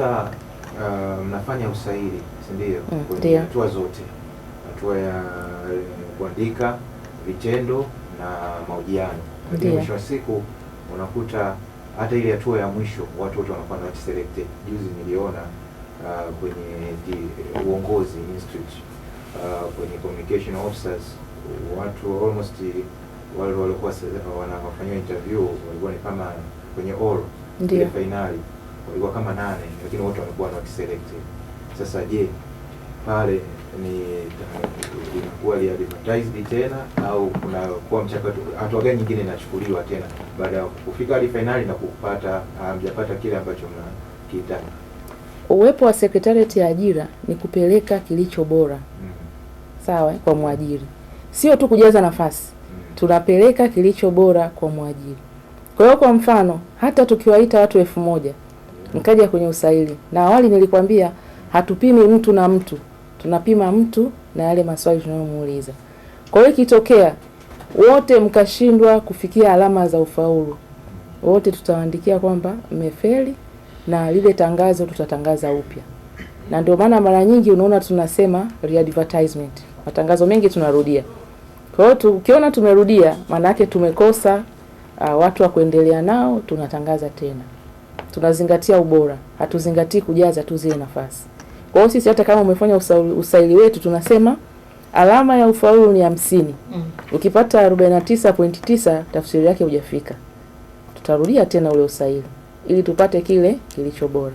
unakuta uh, mnafanya usaili, si ndio? Mm, kwenye hatua zote, hatua ya eh, kuandika, vitendo na mahojiano, lakini mwisho wa siku unakuta hata ile hatua ya mwisho watu wote wanakuwa na selected. Juzi niliona uh, kwenye di, eh, uongozi institute uh, kwenye communication officers watu almost eh, wale walikuwa wanafanyiwa interview walikuwa ni kama kwenye oral ile finali walikuwa kama nane, lakini wote wamekuwa not selected. Sasa je, pale ni inakuwa linakuwa advertised tena au kunakuwa mchakato, hatua gani nyingine inachukuliwa tena baada ya kufika hadi finali na kupata ah, mjapata kile ambacho mnakitaka? Uwepo wa sekretarieti ya ajira ni kupeleka kilicho bora mm -hmm. Sawa, eh, kwa mwajiri, sio tu kujaza nafasi mm-hmm. Tunapeleka kilicho bora kwa mwajiri. Kwa hiyo, kwa mfano hata tukiwaita watu elfu moja nikaja kwenye usaili, na awali nilikwambia hatupimi mtu na mtu, tunapima mtu na yale maswali tunayomuuliza. Kwa hiyo ikitokea wote mkashindwa kufikia alama za ufaulu, wote tutawaandikia kwamba mmefeli, na lile tangazo tutatangaza upya, na ndio maana mara nyingi unaona tunasema readvertisement, Matangazo mengi tunarudia. Kwa hiyo tukiona tumerudia, maana yake tumekosa uh, watu wa kuendelea nao, tunatangaza tena tunazingatia ubora, hatuzingatii kujaza tu zile nafasi. Kwa hiyo sisi hata kama umefanya usaili wetu tunasema alama ya ufaulu ni hamsini. Mm. Ukipata 49.9 tafsiri yake hujafika. Tutarudia tena ule usaili ili tupate kile kilicho bora.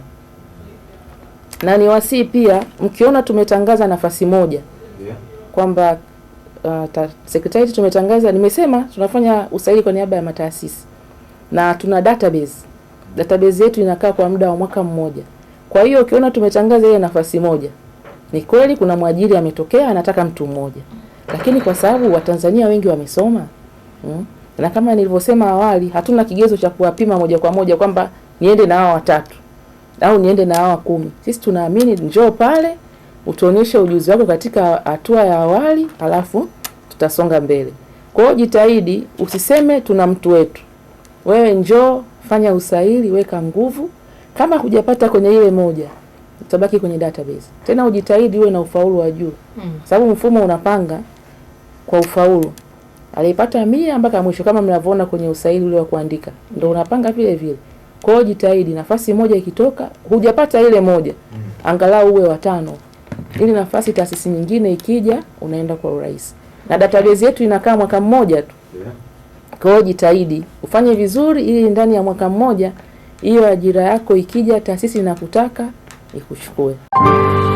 Na niwasii pia mkiona tumetangaza nafasi moja. Yeah. Kwamba uh, sekretarieti tumetangaza, nimesema tunafanya usaili kwa niaba ya mataasisi na tuna database database yetu inakaa kwa muda wa mwaka mmoja. Kwa hiyo ukiona tumetangaza ile nafasi moja, ni kweli kuna mwajiri ametokea anataka mtu mmoja, lakini kwa sababu Watanzania wengi wamesoma mm, na kama nilivyosema awali, hatuna kigezo cha kuwapima moja kwa moja kwamba niende na hao watatu au niende na hao kumi. Sisi tunaamini njoo pale utuonyeshe ujuzi wako katika hatua ya awali, halafu tutasonga mbele. Kwa hiyo jitahidi, usiseme tuna mtu wetu, wewe njoo fanya usaili, weka nguvu. Kama hujapata kwenye ile moja, utabaki kwenye database. Tena ujitahidi uwe na ufaulu wa juu mm. sababu mfumo unapanga kwa ufaulu, alipata mia mpaka mwisho, kama mnavyoona kwenye usaili ule wa kuandika, ndio unapanga vile vile. Kwa hiyo jitahidi, nafasi moja ikitoka, hujapata ile moja mm. angalau uwe watano, ili nafasi taasisi nyingine ikija, unaenda kwa urahisi. Na database yetu inakaa mwaka mmoja tu yeah. Kwa hiyo jitahidi ufanye vizuri, ili ndani ya mwaka mmoja hiyo ajira yako ikija, taasisi inakutaka ikuchukue.